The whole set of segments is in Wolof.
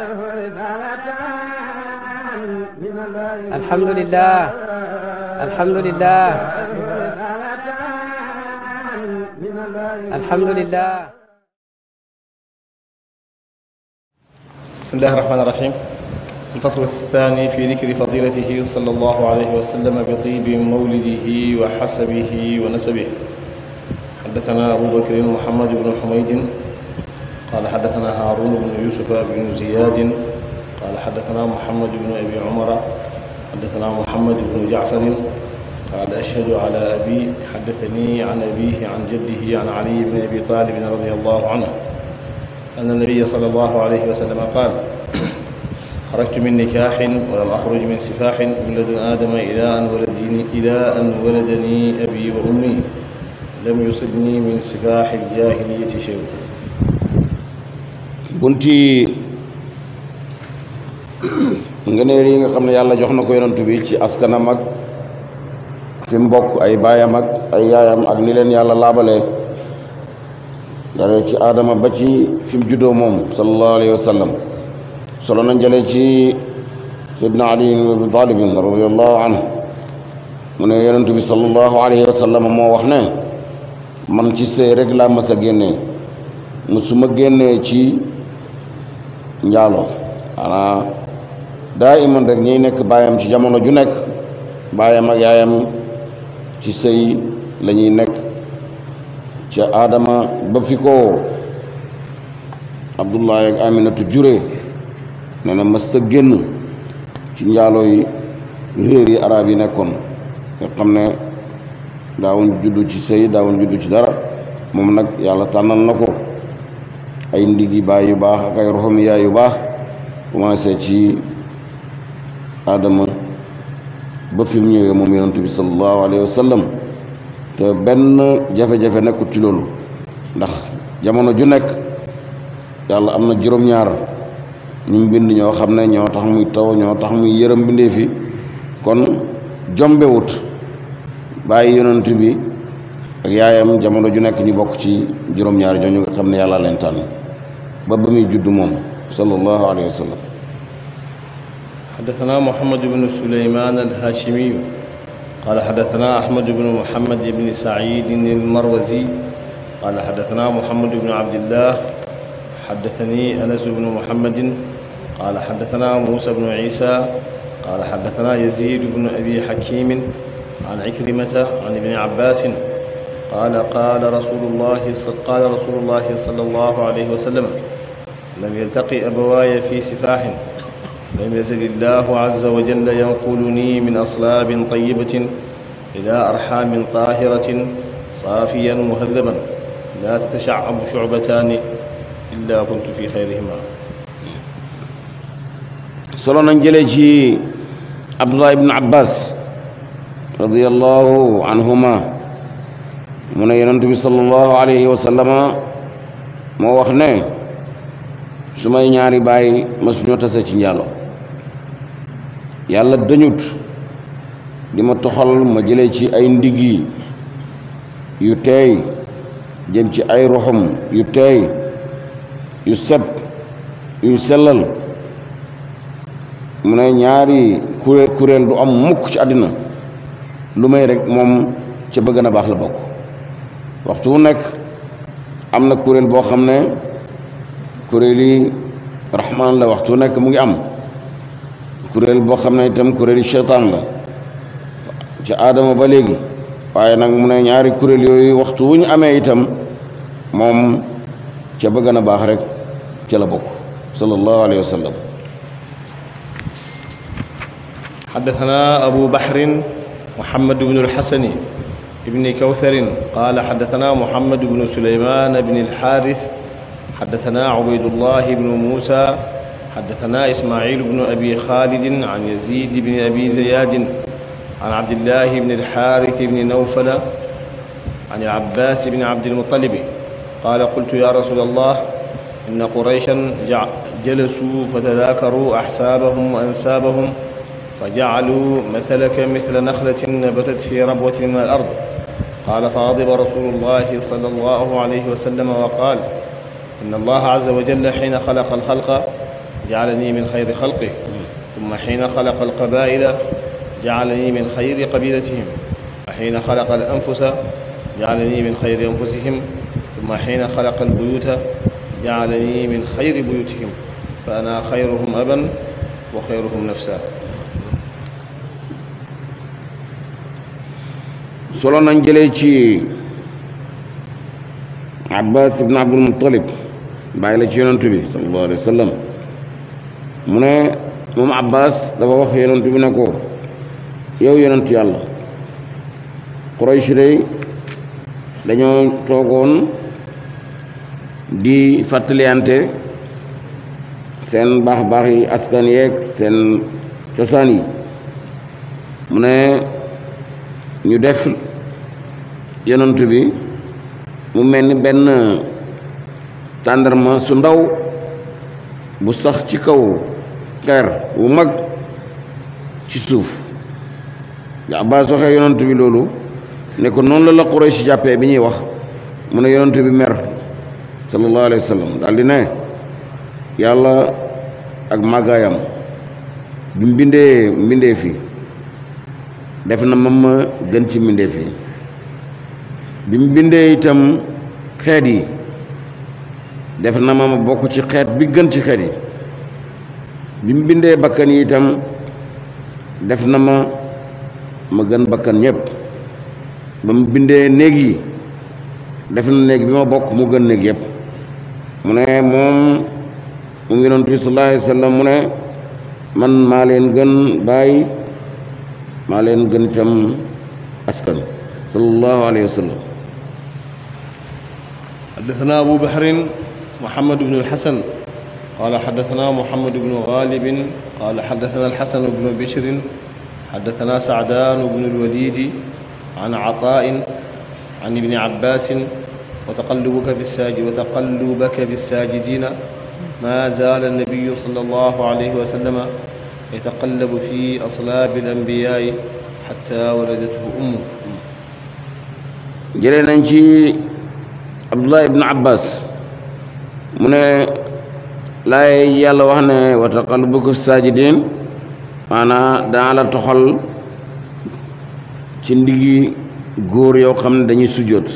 alhamdulilah alhamdulilah alhamdulilah bismillahi rahmaani rahim الفصل الثاني في ذكر فضيلته صلى الله عليه وسلم بطيب مولده وحسبه ونسبه حدثنا أبو بكر محمد بن حميد قال حدثنا هارون بن يوسف بن زياد قال حدثنا محمد بن أبي عمر حدثنا محمد بن جعفر قال أشهد على أبي حدثني عن أبيه عن جده عن علي بن أبي طالب رضي الله عنه أن النبي صلى الله عليه وسلم قال خرجت من نكاح ولم أخرج من سفاح من لدن آدم إلى أن ولدني إلى أن ولدني أبي وأمي لم يصبني من سفاح الجاهلية شيء bunti ngëneel yi nga xam ne yàlla jox na ko yonantu bi ci askanam ak fi mbokk ay baayam ak ay yaayam ak ni leen yàlla laabalee dale ci aadama ba ci fi mu juddoo moom sallallahu alayhi wa solo nañ jëlee ci sidna ali ibn abi talibin radiallahu anhu mu ne yonantu bi sallallahu alayhi wa sallam moo wax ne man ci sëy rek laa mas a génnee musuma génnee ci njaaloo maanaam daa iman rek ñiy nekk baayam ci jamono ju nekk baayam ak yaayam ci sëy lañuy nekk ca aadama ba fi ko abdullahi ak aminatu jure nee mësta génn ci njaaloo yi réer yi arab yi nekkoon nga xam ne daawuñ juddu ci sëy daawuñ juddu ci dara moom nag yàlla tànnal na ko ay ndiggi baay yu baax ak ay roxom yaay yu baax commencé ci aadama ba fi mu ñëwee moom yonent bi sallallahu alayhi wa sallam te benn jafe-jafe nekkut ci loolu ndax jamono ju nekk yàlla am na juróom-ñaar ñu mu bind ñoo xam ne ñoo tax muy taw ñoo tax muy yërëm bindee fi kon jombewut bàyyi yonent bi ak yaayam jamono ju nekk ñu bokk ci juróom-ñaar ñooñu nga xam ne yàlla leen tànn ba ba muy judd moom sallallahu alayhi wa sallam xadatanaa mohamad bnu suleyman alhaachimiyu qaala xadatanaa ahmad bnu mohamad bni saidin almarwazi qaala xadatanaa mohamad bnu abdillah xadatani anas bnu mohammadin qaala xadatanaa muusa bnu isa qaala xadatanaa yazid bnu abi xakimin an ikrimata an ibni abbasin qaala qaala rasulullahi qaala rasulullahi sallallahu alayhi wa sallam lam yaltaqi abawaaya fi sifaaxin lam yazal illaahu azza wa jalla yanquluni min aslaabin tayibatin ila arxaamin taahiratin saafiyan muhadaban laa tatashaabu shucbataani illa kuntu fi xayrihima solo nañ jëlee ci abdullah ibnu abbas radiallahu anhuma mu ne yonent bi sallallahu alayhi wa sallama moo wax ne su may ñaari baay ma suñoo tase ci njàllo yàlla dañut di ma toxal ma jëlee ci ay ndigg yu teey jëm ci ay roxam yu teey yu set yu sellal mu ne ñaari kuréel kuréel du am mukk ci àddina lu may rek moom ca bëgg na baax la bokk waxtu wu nekk am na kuréel boo xam ne kuréel yi rahmaan la waxtu wu nekk mu ngi am kuréel boo xam ne itam kuréel yi seytaan la ci aadama ba léegi waaye nag mu ne ñaari kuréel yooyu waxtu wu ñu amee itam moom ca ba gën a baax rek ca la bokk sallallahu alayhi wa sallam حدثنا أبو بحر محمد بن الحسن بن كوثر قال حدثنا محمد بن سليمان بن الحارث حدثنا عبيد الله بن موسى حدثنا إسماعيل بن أبي خالد عن يزيد بن أبي زياد عن عبد الله بن الحارث بن نوفل عن العباس بن عبد المطلب قال قلت يا رسول الله إن قريشا جلسوا فتذاكروا أحسابهم وأنسابهم فجعلوا مثلك مثل نخلة نبتت في ربوة من الأرض قال فغضب رسول الله صلى الله عليه وسلم وقال إن الله عز وجل حين خلق الخلق جعلني من خير خلقه ثم حين خلق القبائل جعلني من خير قبيلتهم وحين خلق الأنفس جعلني من خير أنفسهم ثم حين خلق البيوت جعلني من خير بيوتهم فأنا خيرهم أبا وخيرهم نفسا solo nañ jëlee ci abbas ibn abdul muttalib bàyyi la ci yonent bi sallallahu alayhi mu ne moom abbas dafa wax yonent bi ne ko yow yonent yàlla Quraysh dañoo toogoon di fàttaliyante seen baax baax yi askan yeeg seen cosaan yi mu ne ñu def yonent bi mu mel ni benn tàndarma su ndaw bu sax ci kaw xeer wu mag ci suuf da Abbaas waxee yonent bi loolu ne ko noonu la la Quraysh jàppee bi ñuy wax mu ne yonent bi mer sallallahu alayhi wa ne yàlla ak màggaayam bi mbindee mbindee fi def na mam ma gën ci mbindee fi bi mu bindee itam xeet yi def na ma ma bokk ci xeet bi gën ci xeet yi bi mu bindee bakkan yi itam def na ma ma gën bakkan yépp ba mu bindee néeg yi def na néeg bi ma bokk mu gën néeg yëpp mu ne moom mu ngi doon sallallahu alayhi wa mu ne man maa leen gën bàyyi maa leen gën itam askan sallallahu alayhi wa xaddasanaa abu bahrin muhammad bnu alxasan qaala xaddasanaa muhammad bnu gaalibin qaala xaddasanaa alxasan bnu bishrin xaddasanaa sacdaan bnu alwaliidi an cataa'in an ibni abbaasin wa taqallubuka fi saaji wa taqallubaka fi saajidiina maa zaala annabiyu sala allahu alayhi wa sallama yataqallabu fi aslaabi alambiyaai xatta waladathu ummu jëlee nañ ci abdullah ibnu abbas mu ne laay yàlla wax ne wa taqallubuka saajidin maanaam daa la toxal ci ndigg góor yoo xam ne dañuy sujjóot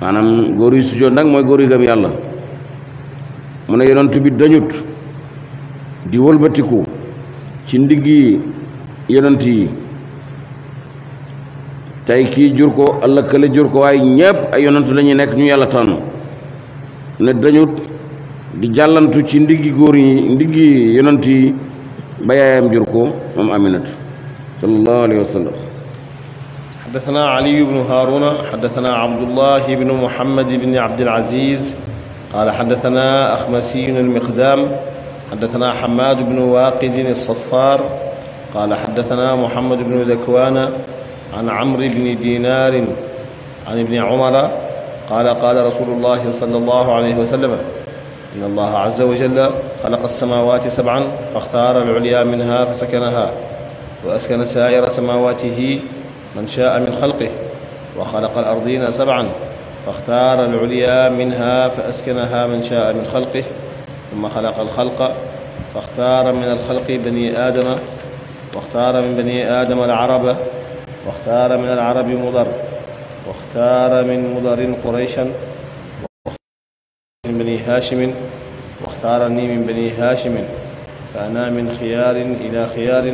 maanaam góor yu sujjóot nag mooy góor yu gëm yàlla mu ne yonent bi dañut di wëlbatiku ci ndiggi yonent yi tey kii jur ko ëllëg kële jur ko waaye ñépp ay yonantu lañuy nekk ñu yàlla tànn ne dañut di jàllantu ci ndiggi góor yi ndiggi yonant yi ba yaayam jur ko moom aminatu sallallahu alayhi wa sallam حدثنا علي بن هارون حدثنا عبد الله بن محمد بن عبد العزيز قال حدثنا أخمسي المقدام حدثنا حماد بن واقد الصفار قال حدثنا محمد بن ذكوان عن عمرو بن دينار عن ابن عمر قال قال رسول الله صلى الله عليه وسلم إن الله عز وجل خلق السماوات سبعا فاختار العليا منها فسكنها وأسكن سائر سماواته من شاء من خلقه وخلق الأرضين سبعا فاختار العليا منها فأسكنها من شاء من خلقه ثم خلق الخلق فاختار من الخلق بني آدم واختار من بني آدم العرب واختار من العرب مضر واختار من مضر قريشا من بني هاشم واختارني من بني هاشم فأنا من خيار إلى خيار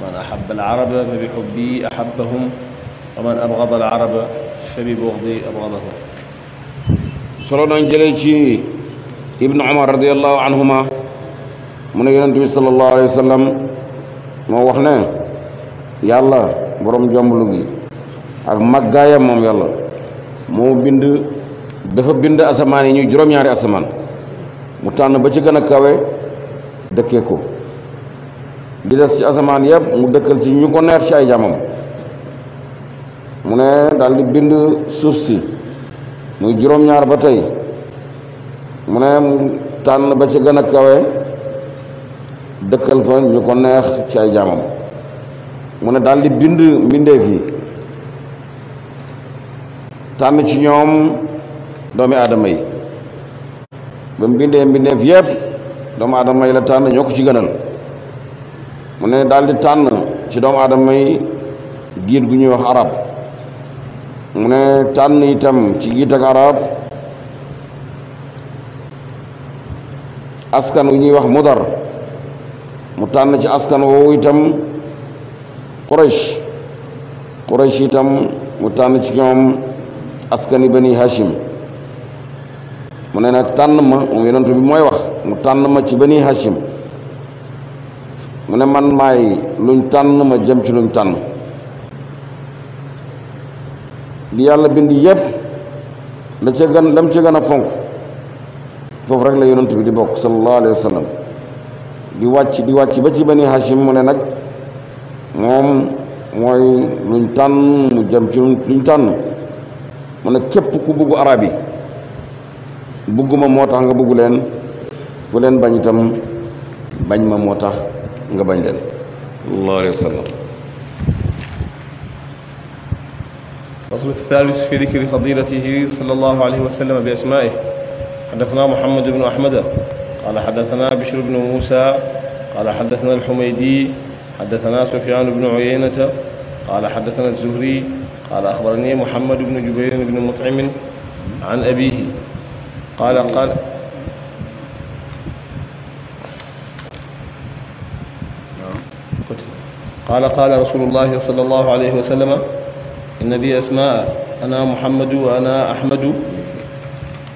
من أحب العرب فبحبي أحبهم ومن أبغض العرب فببغضي أبغضهم solo nañ jëlee ci ibnu umar radiallahu anhuma mu ne yonent bi sallallahu alayhi wa sallam moo wax ne yàlla borom jomblu gi ak màggaayam moom yàlla moo bind dafa bind asamaan yi ñuy juróom-ñaari asamaan mu tànn ba ci gën a kawe dëkkee ko di des ci asamaan yëpp mu dëkkal ci ñu ko neex ci ay jaamam mu ne daal bind suuf si muy juróom-ñaar ba tey mu ne mu tànn ba ci gën a kawe dëkkal fa ñu ko neex ci ay jaamam mu ne daal bind mbindeef yi tànn ci ñoom doomi adama yi ba mu bindee mbindeef yépp doomu aadama yi la tànn ñoo ko ci gënal mu ne daal tànn ci doomu aadama yi giir gu ñuy wax arab mu ne tànn itam ci giit ak arab askan wu ñuy wax mudar mu tànn ci askan woowu itam quraish quraish itam mu tànn ci ñoom askani bani hashim mu ne nag tànn ma moom yonent bi mooy wax mu tànn ma ci bani hashim mu ne man maay luñ tànn ma jëm ci luñ tànn li yàlla bind yépp la ca gën lam ca gën a fonk foofu rek la yonent bi di bokk sallallahu alayhi wa sallam di wàcc di wàcc ba ci bani hashim mu ne nag moom mooy luñ tànn mu jëm ci luñ tànn mu ne képp ku bugg arab yi bugguma moo tax nga bugg leen ku leen bañ itam bañ ma moo tax nga bañ leen sallallahu alayhi wa sallam الفصل الثالث في ذكر فضيلته صلى الله mu وسلم بأسمائه حدثنا محمد بن أحمد قال حدثنا بشر بن موسى قال حدثنا سفيان بن عيينة قال حدثنا الزهري قال أخبرني محمد بن جبير بن مطعم عن أبيه قال قال قال قال رسول الله صلى الله عليه وسلم إن لي أسماء أنا محمد وأنا أحمد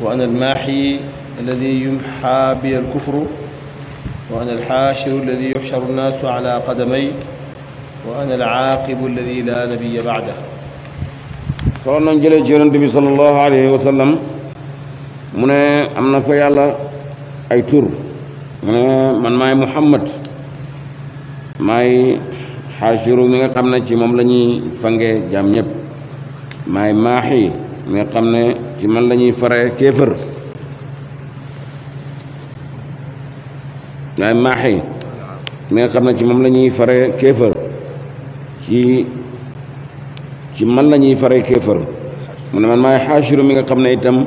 وأنا الماحي الذي يمحى بي الكفر وأنا الحاشر الذي يحشر الناس على قدمي وأنا العاقب الذي لا نبي بعده solo nañ jëlee ci yonent bi sallallahu alayhi wa sallam mu ne am na fa yàlla ay tur mu ne man maay Muhammad maay xaashiru mi nga xam ne ci moom la ñuy fange jaam ñëpp maay maaxi mi nga xam ne ci man la ñuy fare kéefër waaye maaxe mi nga xam ne ci moom la ñuy fare kéefër ci ci man lañuy fare kéefër mu ne man maay xaasiru mi nga xam ne itam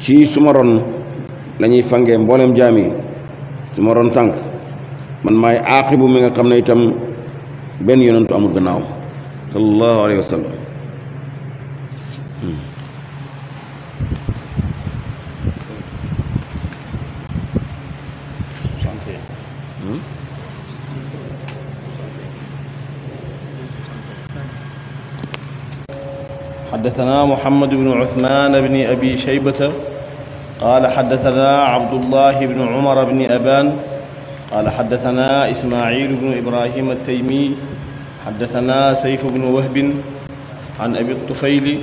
ci suma ron lañuy ñuy fange mboolem jaam yi suma ron tànk man maay aaqibu mi nga xam ne itam benn yonentu amul gannaaw sallallahu alayhi حدثنا محمد بن عثمان بن أبي شيبة قال حدثنا عبد الله بن عمر بن أبان قال حدثنا إسماعيل بن إبراهيم التيمي حدثنا سيف بن وهب عن أبي الطفيل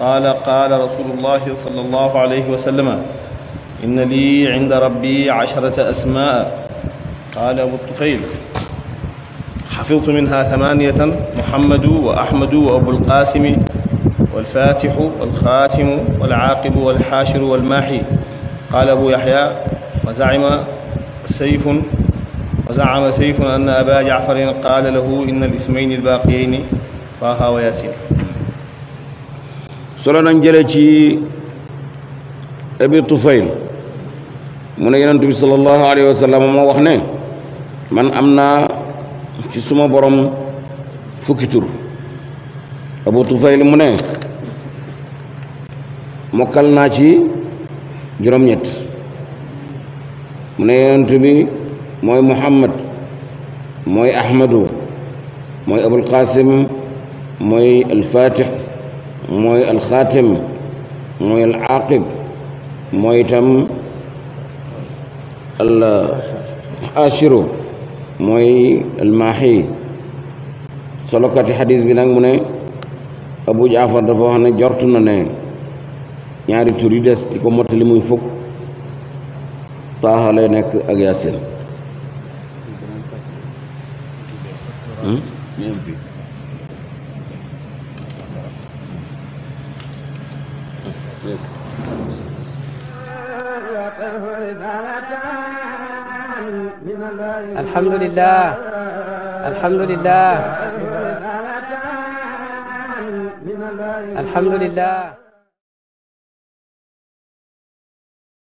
قال قال رسول الله صلى الله عليه وسلم إن لي عند ربي عشرة أسماء قال أبو الطفيل حفظت منها ثمانية محمد وأحمد وأبو القاسم والفاتح والخاتم والعاقب والحاشر والماحي قال أبو يحيى وزعم سيف وزعم سيف أن أبا جعفر قال له إن الاسمين الباقيين طه وياسين سولنا جلتي أبي طفيل من ينتبه صلى الله عليه وسلم ما وحنا من أمنا ci suma borom fukki tur Abu Tufayl mu ne mokal naa ci juróom-ñett mu ne yonent bi mooy muhammad mooy ahmadu mooy abul qasim mooy alfatih mooy alxaatim mooy alaqib mooy itam al ashiru mooy almaahi solokati xadis bi nag mu ne abu jaafar dafa wax jortu na ne ñaari tur yu des di ko mottali muy fukk taaxa lay nekk ak yaasin hmm? alhamdulillah alhamdulillah alhamdulillah